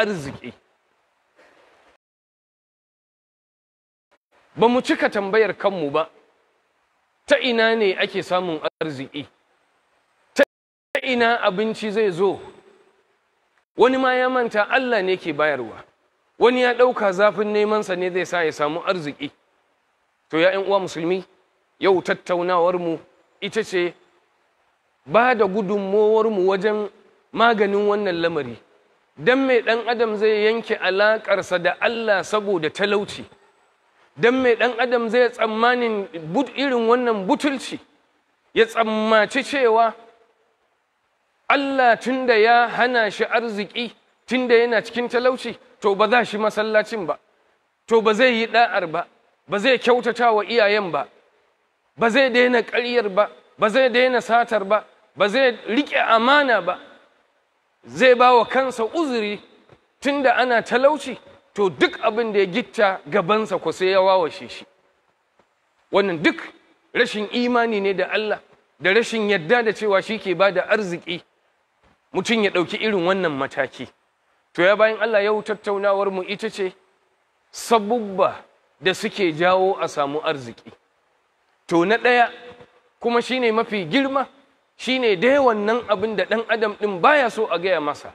arziki ba mu cika tambayar kanmu ba ta ina ne ake samun arziki ta ina abinci zai zo wani ma ya manta Allah ne ke bayarwa wani ya ɗauka zafin nemansa ne zai sa ya samu arziki to ya uwa musulmi yau tattaunawarmu ita ce ba da gudunmowarmu wajen maganin wannan lamari don mai ɗan adam zai yanke alaƙarsa da Allah saboda talauci don mai ɗan adam zai tsammanin irin wannan butulci ya tsammaci cewa Allah tunda ya hana shi arziki tunda yana cikin talauci to ba za shi masallacin ba to ba zai yi ɗa'ar ba ba zai kyautata wa iyayen ba ba zai daina ƙaryar ba ba zai daina satar ba ba zai riƙe amana ba zai ba wa kansa uzuri tunda ana talauci to duk abin da ya gitta gabansa ku sai ya wawashe shi wannan duk rashin imani ne da Allah da rashin yadda da cewa shi ke ba da arziki mutum ya ɗauki irin wannan mataki to ya bayan Allah yau tattaunawar mu ita ce sabubba da suke jawo a samu arziki to na ɗaya kuma shine mafi girma Shi ne dai wannan abin da ɗan adam ɗin baya so a gaya masa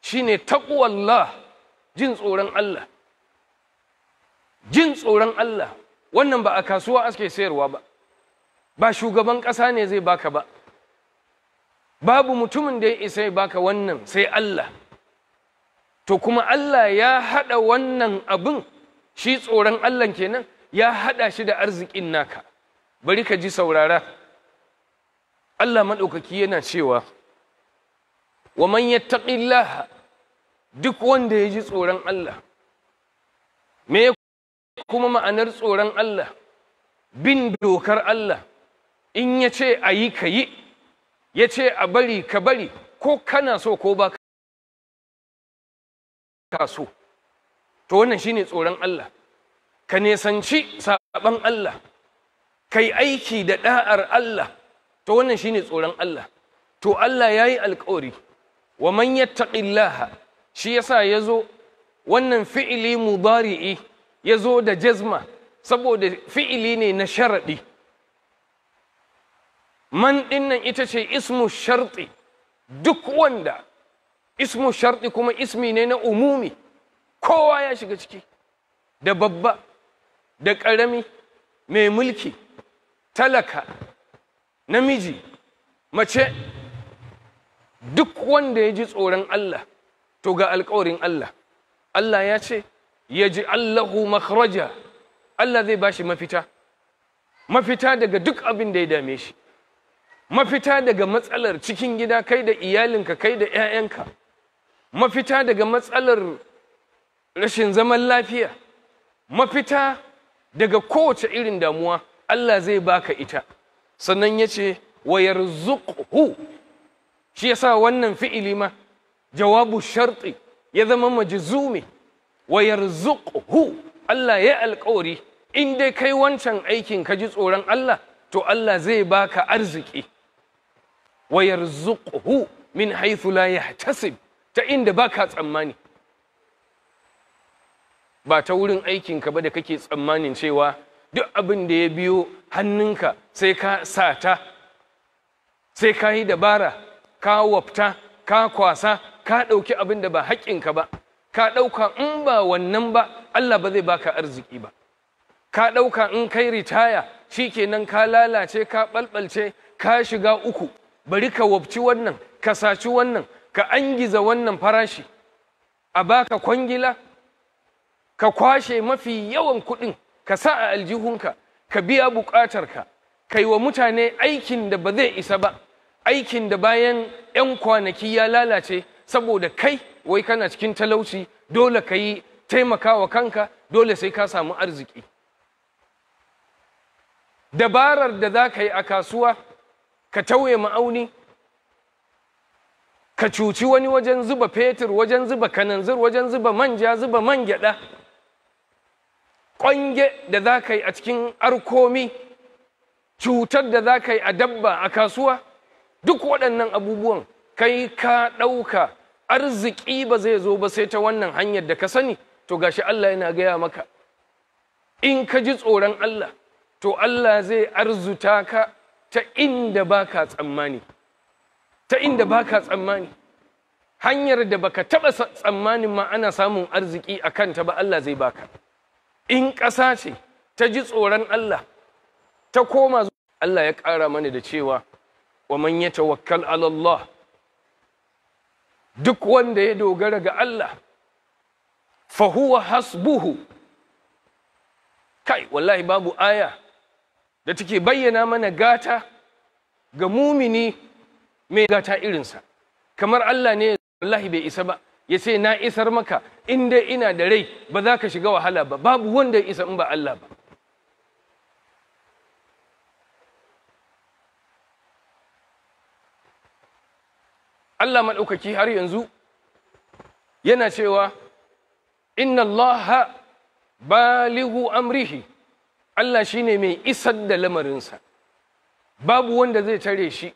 Shi ne taqwallah jin tsoron Allah jin tsoron Allah wannan ba a kasuwa ake sayarwa ba ba shugaban ƙasa ne zai baka ba babu mutumin da ya isa ya baka wannan sai Allah to kuma Allah ya haɗa wannan abin shi tsoron Allah kenan ya haɗa shi da arzikin naka bari ka ji saurara Allah maɗaukaki yana cewa wa man yattaqillaha duk wanda ya ji tsoron Allah me kuma ma'anar tsoron Allah bin dokar Allah in ya ce a yi ka yi ya ce a bari ka bari ko kana so ko ba ka so to wannan shi ne tsoron Allah ka nesanci saɓan Allah kai aiki da ɗa'ar Allah to wannan shine tsoron Allah to Allah yayi alƙawari wa man yattaqillaha shi yasa yazo wannan fi'ili mudari'i yazo da jazma saboda fi'ili ne na sharadi man dinnan ita ce ismu sharti duk wanda ismu sharti kuma ismi ne na umumi kowa ya shiga ciki da babba da ƙarami mai mulki talaka namiji mace duk wanda ya ji tsoron Allah to ga alkawarin Allah Allah ya ce ya ji Allahu makhraja Allah zai bashi mafita mafita daga duk abin da ya dame shi mafita daga matsalar cikin gida kai da iyalinka kai da 'ya'yanka mafita daga matsalar rashin zaman lafiya mafita daga kowace irin damuwa Allah zai baka ita sannan ya ce wa yarzuqhu shi ya sa wannan fi'ili ma jawabu sharɗi ya zama majzumi wa yarzuqhu Allah ya alƙawari in dai kai wancan aikin ka ji tsoron Allah to Allah zai baka arziki wa yarzuqhu min haythu la yahtasib ta inda baka tsammani ba ta wurin aikinka ba da kake tsammanin cewa duk abin da ya biyo hannunka sai ka sata sai ka yi dabara ka wafta ka kwasa ka ɗauki abin da ba haƙƙinka ba ka ɗauka in ba wannan ba Allah ba zai baka arziki ba ka ɗauka in kai ritaya shi kenan ka lalace ka ɓalɓalce ka shiga uku bari ka wabci wannan ka saci wannan ka angiza wannan farashi a baka kwangila ka kwashe mafi yawan kuɗin ka sa a aljihunka ka biya buƙatar ka kai wa mutane aikin da ba zai isa ba aikin da bayan 'yan kwanaki ya lalace saboda kai wai kana cikin talauci dole ka yi taimakawa kanka dole sai ka samu arziki dabarar da za ka yi a kasuwa ka tauye ma'auni ka cuci wani wajen zuba fetur wajen zuba kananzir wajen zuba manja zuba man gyada ƙwange da za ka yi a cikin arkomi cutar da za ka yi a dabba a kasuwa duk waɗannan abubuwan kai ka ɗauka arziki ba zai zo ba sai ta wannan hanyar da ka sani to gashi Allah yana gaya maka in ka ji tsoron Allah to Allah zai arzuta ka ta inda baka tsammani ta inda baka tsammani hanyar da baka taɓa tsammanin ma ana samun arziki a kanta ba Allah zai baka in ƙasa ce ta ji tsoron Allah ta koma Allah ya ƙara mana da cewa wa man ya tawakkal Allah duk wanda ya dogara ga Allah fahuwa huwa hasbuhu kai wallahi babu aya da take bayyana mana gata ga mumini mai gata irinsa kamar Allah ne wallahi bai isa ba ya ce na isar maka in dai ina da rai ba za ka shiga wahala ba babu wanda ya isa in ba Allah ba Allah maɗaukaki har yanzu yana cewa inna Allah baligu amrihi Allah shine mai isar da lamarinsa babu wanda zai tare shi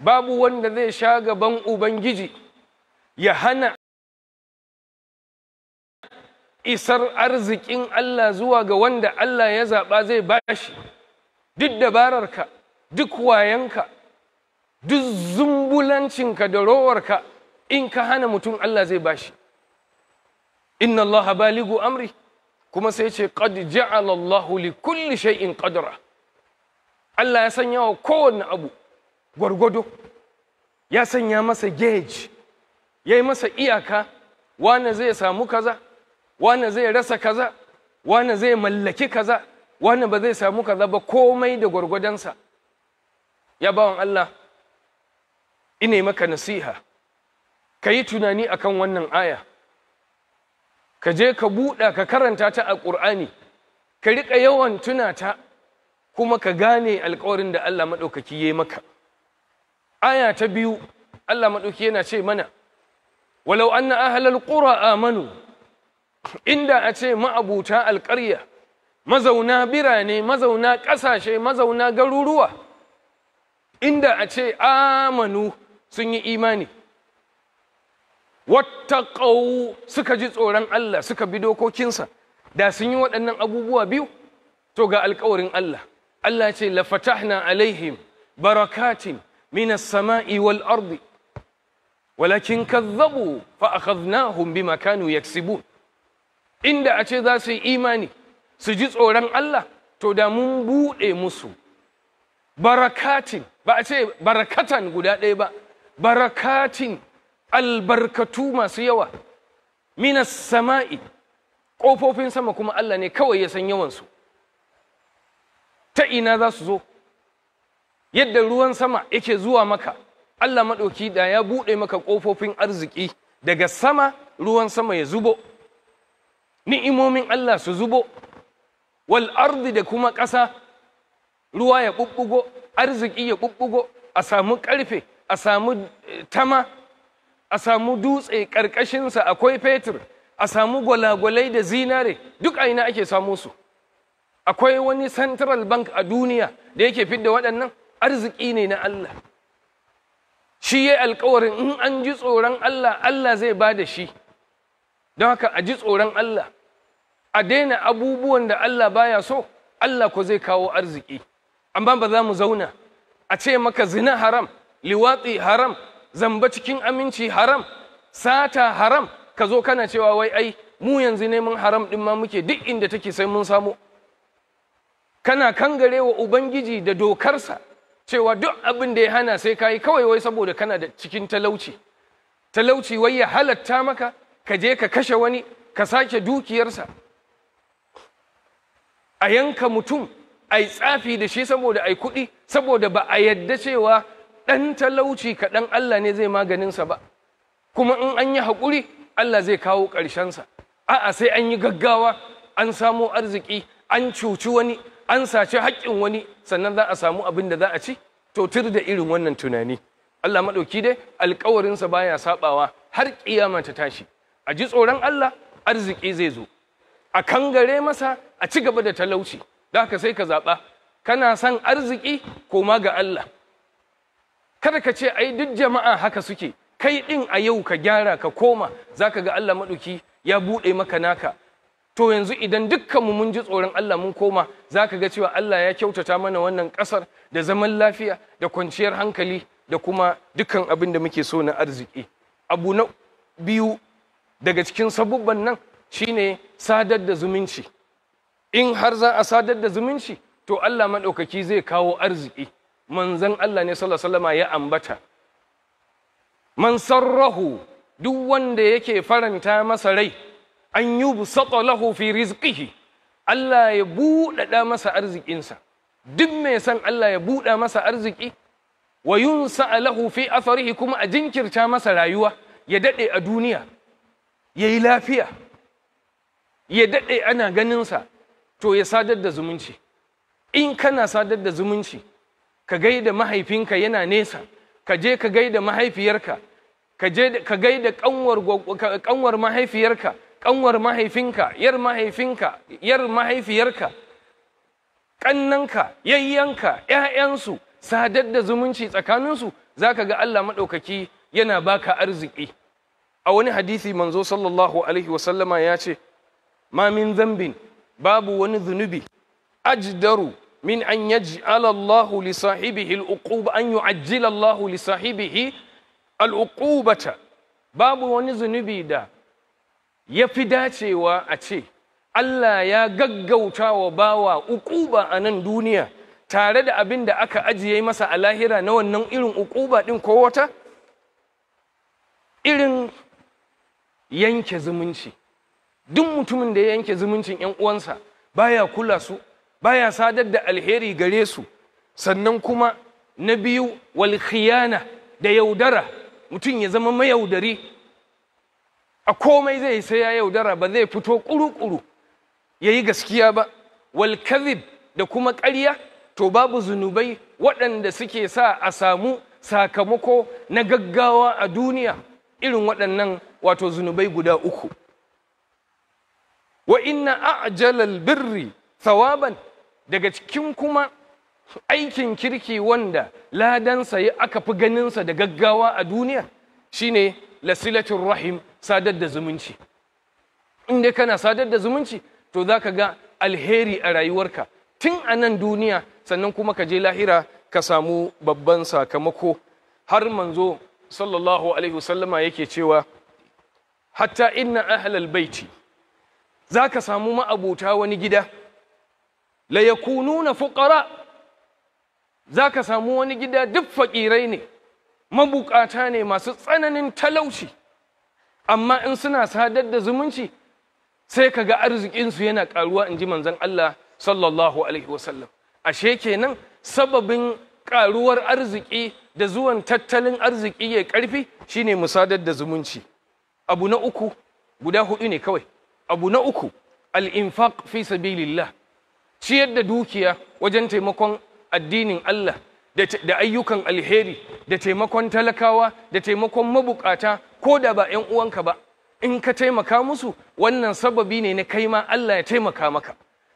babu wanda zai sha gaban ubangiji ya hana isar arzikin Allah zuwa ga wanda Allah ya zaɓa zai bashi duk dabararka duk wayanka duk zumbulancinka da rowarka in ka hana mutum Allah zai bashi inna Allah baligu amri kuma sai ce qad ja'ala Allahu li kulli shay'in qadra Allah ya sanya wa kowanne abu gwargwado ya sanya masa gauge ya yi masa iyaka wane zai samu kaza wane zai rasa kaza wane zai mallaki kaza wane ba zai samu kaza ba komai da gwargwadonsa ya bawan Allah ina maka nasiha ka yi tunani akan wannan aya ka je ka buɗa ka karanta ta a ƙur'ani ka riƙa yawan tuna ta kuma ka gane alƙawarin da Allah maɗaukaki ya yi maka aya ta biyu Allah maɗauki yana ce mana walau anna ahlal qura amanu inda ace ce ma'abuta alƙarya mazauna birane mazauna ƙasashe mazauna garuruwa inda a ce amanu sun yi imani wattaƙau suka ji tsoron Allah suka bi dokokinsa da sun yi waɗannan abubuwa biyu to ga alƙawarin Allah Allah ce lafatahna alaihim barakatin minas sama'i wal ardi walakin kazzabu fa akhadnahum bima kanu yaksibun inda a ce za su yi imani su ji tsoron Allah to da mun buɗe musu barakatin ba a ce barakatan guda ɗaya ba barakatin albarkatu masu yawa minas sama'i ƙofofin sama kuma Allah ne kawai ya san yawansu ta ina za su zo yadda ruwan sama yake zuwa maka Allah maɗauki da ya buɗe maka ƙofofin arziki daga sama ruwan sama ya zubo ni'imomin Allah su zubo wal ardi da kuma ƙasa ruwa ya ɓuɓɓugo arziki ya ɓuɓɓugo a samu ƙarfe a samu eh, tama a samu dutse ƙarƙashinsa akwai fetur a samu gwalagwalai da zinare duk a ina ake samu su akwai wani central bank a duniya da yake fidda waɗannan arziki ne na Allah shi ya alkawarin in an ji tsoron Allah Allah zai ba da shi don haka a ji tsoron Allah a daina abubuwan da Allah baya so Allah ko zai kawo arziki amma ba za mu zauna a ce maka zina haram liwatsi haram zamba cikin aminci haram sata haram ka zo kana cewa wai ai mu yanzu neman haram din ma muke duk inda take sai mun samu kana kangarewa ubangiji da dokarsa cewa duk abin da ya hana sai ka yi kawai wai saboda kana da cikin talauci talauci wai ya halatta maka ka je ka kashe wani ka sake dukiyarsa a yanka mutum a yi tsafi da shi saboda a yi kuɗi saboda ba a yadda cewa ɗan talauci kaɗan Allah ne zai maganinsa ba kuma in an yi haƙuri Allah zai kawo ƙarshensa a'a sai an yi gaggawa an samo arziki an cuci wani an sace haƙƙin wani sannan za a samu abin da za a ci to tur da irin wannan tunani Allah maɗauki dai sa baya saɓawa har ƙiyama ta tashi a ji tsoron Allah arziki zai zo a gare masa a ci gaba da talauci da haka sai ka zaɓa kana son arziki koma ga Allah kada ka ce ai duk jama'a haka suke kai ɗin a yau ka gyara ka koma zaka ga Allah maɗauki ya buɗe maka naka to yanzu idan dukkan mu mun ji tsoron Allah mun koma za ka ga cewa Allah ya kyautata mana wannan ƙasar da zaman lafiya da kwanciyar hankali da kuma dukkan abin da muke so na arziki abu na biyu daga cikin sabubban nan shine sadar da zumunci in har za a sadar da zumunci to Allah maɗaukaki zai kawo arziki manzon Allah ne sallallahu alaihi wasallam ya ambata man sarrahu duk wanda yake faranta masa rai an yi lahu fi rizqihi Allah ya buɗaɗa masa arzikinsa duk mai san Allah ya buɗa masa arziki wa yunsa lahu fi atharihi kuma a jinkirta masa rayuwa ya daɗe a duniya ya yi lafiya ya daɗe ana ganinsa to ya sadar da zumunci in kana sadar da zumunci ka gaida mahaifinka yana nesa ka je ka gaida mahaifiyarka ka gaida kanwar mahaifiyarka Ƙanwar mahaifinka yar mahaifinka yar mahaifiyarka Ƙannanka. yayyanka ƴaƴansu sadar da zumunci tsakaninsu zaka ga Allah maɗaukaki yana baka arziki a wani hadisi manzo sallallahu alaihi wasallama ya ce ma min zambin babu wani zunubi ajdaru min an yaji. Allahu li sahibihi an yu'ajjila li sahibihi al babu wani zunubi da ya fi dacewa a ce Allah ya gaggauta wa bawa ukuba a nan duniya tare da abin da aka ajiye masa a lahira na wannan irin ukuba ɗin ko wata irin yanke zumunci duk mutumin da ya yanke zumuncin ‘yan uwansa baya kula su baya sadar da alheri gare su sannan kuma na biyu wal da yaudara mutum ya zama mayaudari a komai zai sai ya yaudara ba zai fito ƙuru-ƙuru ya yi gaskiya ba wal kadhib da kuma ƙarya to babu zunubai waɗanda suke sa a samu sakamako na gaggawa a duniya irin waɗannan wato zunubai guda uku wa inna a'jalal birri thawaban daga cikin kuma aikin kirki wanda ladansa aka fi ganinsa da gaggawa a duniya shine lasilatul rahim sadar da zumunci in dai kana sadar da zumunci to za ka ga alheri a rayuwarka tun a nan duniya sannan kuma ka je lahira ka samu babban sakamako har manzo sallallahu alaihi wasallama yake cewa hatta inna ahlal baiti za ka samu ma'abuta wani gida la yakununa fuqara za ka samu wani gida duk faƙirai ne mabukata ne masu tsananin talauci amma in suna sadar da zumunci sai ka ga arzikinsu yana karuwa in ji manzon Allah sallallahu alaihi wasallam ashe kenan sababin karuwar arziki da zuwan tattalin arziki ya karfi shine musadar da zumunci abu na uku guda hudu ne kawai abu na uku al-infaq fi sabilillah ciyar da dukiya wajen taimakon addinin Allah da ayyukan alheri da taimakon talakawa da taimakon mabukata ko da ba 'yan uwanka ba in ka taimaka musu wannan sababi ne na kai ma Allah ya taimaka maka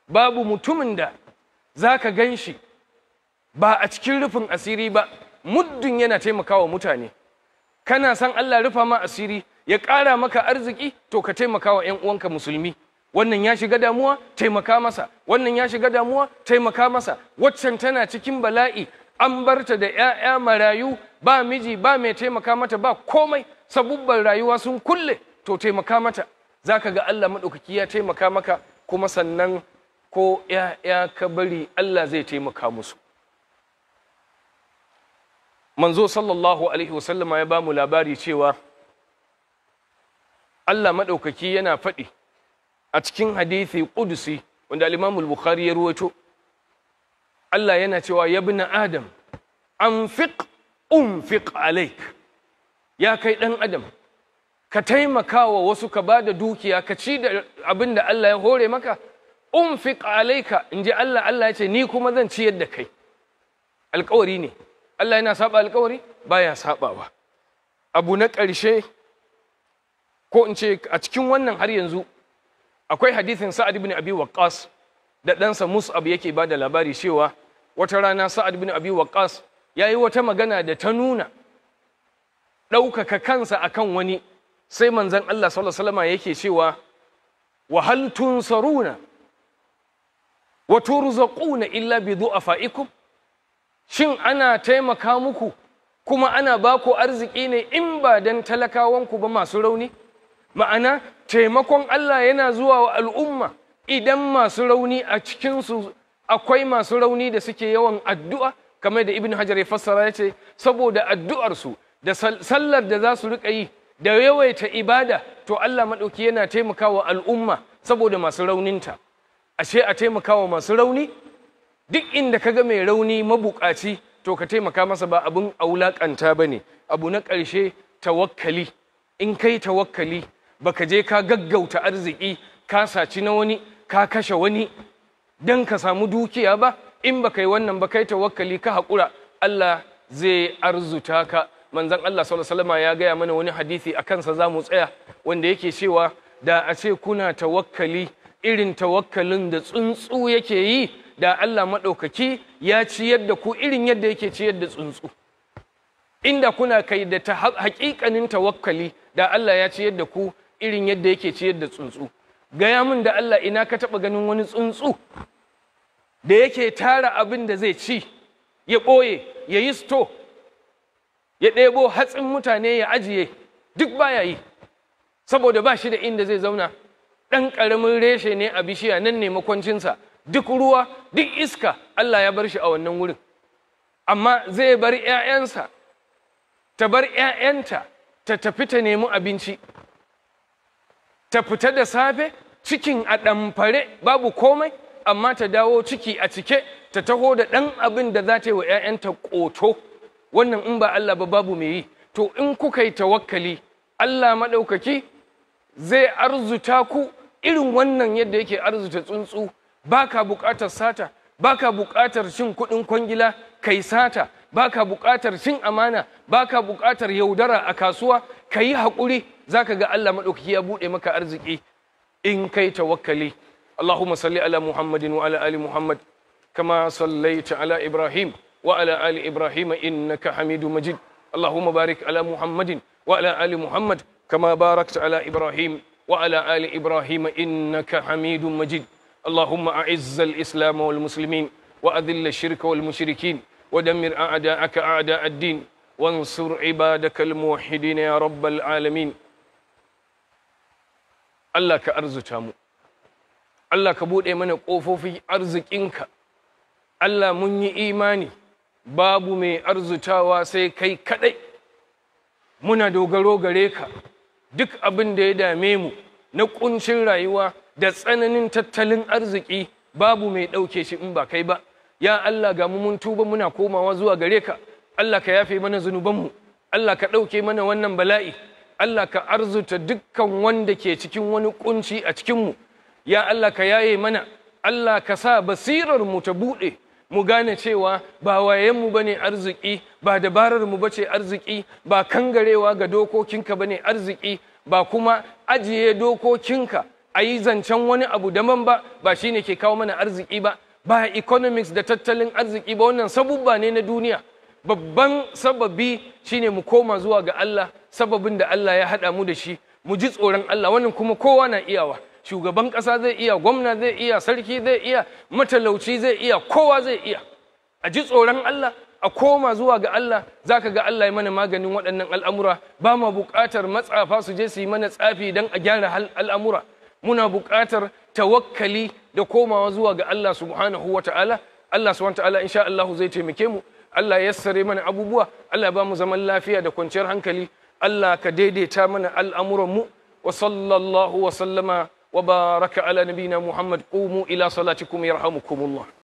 babu mutumin da za ka gan shi ba a cikin rufin asiri ba muddin yana taimakawa mutane kana san Allah rufa ma asiri ya ƙara maka arziki to ka taimakawa 'yan uwanka musulmi wannan ya shiga damuwa taimaka masa wannan ya shiga damuwa taimaka masa waccan tana cikin bala'i an barta da 'ya'ya marayu ba miji ba mai taimaka mata ba komai sabubban rayuwa sun kulle to taimaka mata za ka ga Allah maɗaukaki ya taimaka maka kuma sannan ko ‘ya'ya ka bari Allah zai taimaka musu. Manzo sallallahu Alaihi wasallama ya ba mu labari cewa Allah maɗaukaki yana faɗi a cikin hadithi ƙudusi wanda alimamul Bukhari ya ruwato Allah yana cewa ya bi adam anfiq unfiq alaik ya kai ɗan adam ka taimaka wa wasu ka ba da dukiya ka ci da abin da Allah ya hore maka fiƙ' alaika in ji Allah Allah ya ce ni kuma zan ciyar da kai alkawari ne Allah yana saba alkawari baya sabawa abu na ƙarshe ko in ce a cikin wannan har yanzu akwai hadisin sa'ad ibn abi waqqas da ɗansa mus'ab yake ba da labari cewa wata rana sa'ad bin abi waqas ya yi wata magana da ta nuna ɗaukaka kansa akan wani sai manzon Allah sallallahu alaihi yake cewa wa hal tunsaruna wa turzaquna illa bi du'afaikum shin ana taimaka muku kuma ana ba ku arziki ne in ba dan talakawanku ba masu rauni ma'ana taimakon Allah yana zuwa wa al'umma idan masu rauni a cikinsu akwai masu rauni da suke yawan addu'a kamar da ibn hajar ya fassara ya ce saboda addu'arsu da sallar da za su riƙa yi da yawaita ibada to Allah maɗauki yana taimakawa al'umma saboda masu rauninta ashe a taimakawa masu rauni duk inda ka ga mai rauni mabuƙaci to ka taimaka masa ba abin aulaƙanta ba ne abu na ƙarshe tawakkali in kai tawakkali ka je ka gaggauta arziki ka saci na wani ka kashe wani don ka samu dukiya ba in baka yi wannan ba kai tawakkali ka haƙura Allah zai arzuta ka manzon Allah sallallahu alaihi ya gaya mana wani hadisi a kansa za mu tsaya wanda yake cewa da a ce kuna tawakkali irin tawakkalin da tsuntsu yake yi da Allah maɗaukaki ya ciyar da ku irin yadda yake ciyar da tsuntsu inda kuna kai da ta haƙiƙanin tawakkali da Allah ya ciyar da ku irin yadda yake ciyar da tsuntsu gaya min da Allah ina ka taɓa ganin wani tsuntsu da yake tara abin da zai ci ya ɓoye ya yi sto ya ɗebo hatsin mutane ya ajiye duk baya yi saboda ba shi da inda zai zauna ɗan ƙaramin reshe ne a bishiya nan ne makwancinsa duk ruwa duk iska Allah ya bar shi a wannan wurin amma zai bar 'ya'yansa ta bar 'ya'yanta ta tafi ta nemi abinci ta fita da safe cikin a ɗamfare babu komai amma ta dawo ciki a cike ta taho da ɗan abin da za ta yi wa 'ya'yanta ƙoto wannan in ba Allah ba babu mai yi to in kuka yi tawakkali Allah maɗaukaki zai arzuta ku irin wannan yadda yake arzuta tsuntsu baka buƙatar sata baka buƙatar cin kuɗin kwangila kai sata baka buƙatar cin amana baka buƙatar yaudara a kasuwa kayi haƙuri zaka ga Allah maɗaukaki ya buɗe maka arziki in kai tawakkali اللهم صل على محمد وعلى آل محمد كما صليت على إبراهيم وعلى آل إبراهيم إنك حميد مجيد اللهم بارك على محمد وعلى آل محمد كما باركت على إبراهيم وعلى آل إبراهيم إنك حميد مجيد اللهم أعز الإسلام والمسلمين وأذل الشرك والمشركين ودمر أعداءك أعداء الدين وانصر عبادك الموحدين يا رب العالمين الله كأرزتامو Allah ka buɗe mana ƙofofi arzikinka Allah mun yi imani babu mai arzutawa sai kai kaɗai muna dogaro gare ka duk abin da ya dame mu na ƙuncin rayuwa da tsananin tattalin arziki babu mai ɗauke shi in ba kai ba ya Allah ga mu mun tuba muna komawa zuwa gare ka Allah ka yafe mana zunubanmu Allah ka ɗauke mana wannan bala'i Allah ka arzuta dukkan wanda ke cikin wani ƙunci a cikinmu ya Allah ka yaye mana Allah ka sa basirar mu ta buɗe mu gane cewa ba wayenmu ba ne arziki ba dabarar mu bace arziki ba kangarewa ga dokokinka ba ne arziki ba kuma ajiye dokokinka a yi zancen wani abu daban ba ba shine ke kawo mana arziki ba ba economics da tattalin arziki ba wannan sabubba ne na duniya babban sababi shine mu koma zuwa ga Allah sababin da Allah ya haɗa mu da shi mu ji tsoron Allah wannan kuma kowa na iyawa shugaban ƙasa zai iya gwamna zai iya sarki zai iya matalauci zai iya kowa zai iya a ji tsoron Allah a koma zuwa ga Allah za ka ga Allah ya mana maganin waɗannan al'amura ba ma buƙatar matsafa su je su yi mana tsafi don a gyara al'amura muna buƙatar tawakkali da komawa zuwa ga Allah subhanahu wa ta'ala Allah subhanahu wa ta'ala insha Allah zai taimake mu Allah ya yassare mana abubuwa Allah ya ba mu zaman lafiya da kwanciyar hankali Allah ka daidaita mana al'amuran mu wa sallallahu wa sallama وبارك على نبينا محمد قوموا إلى صلاتكم يرحمكم الله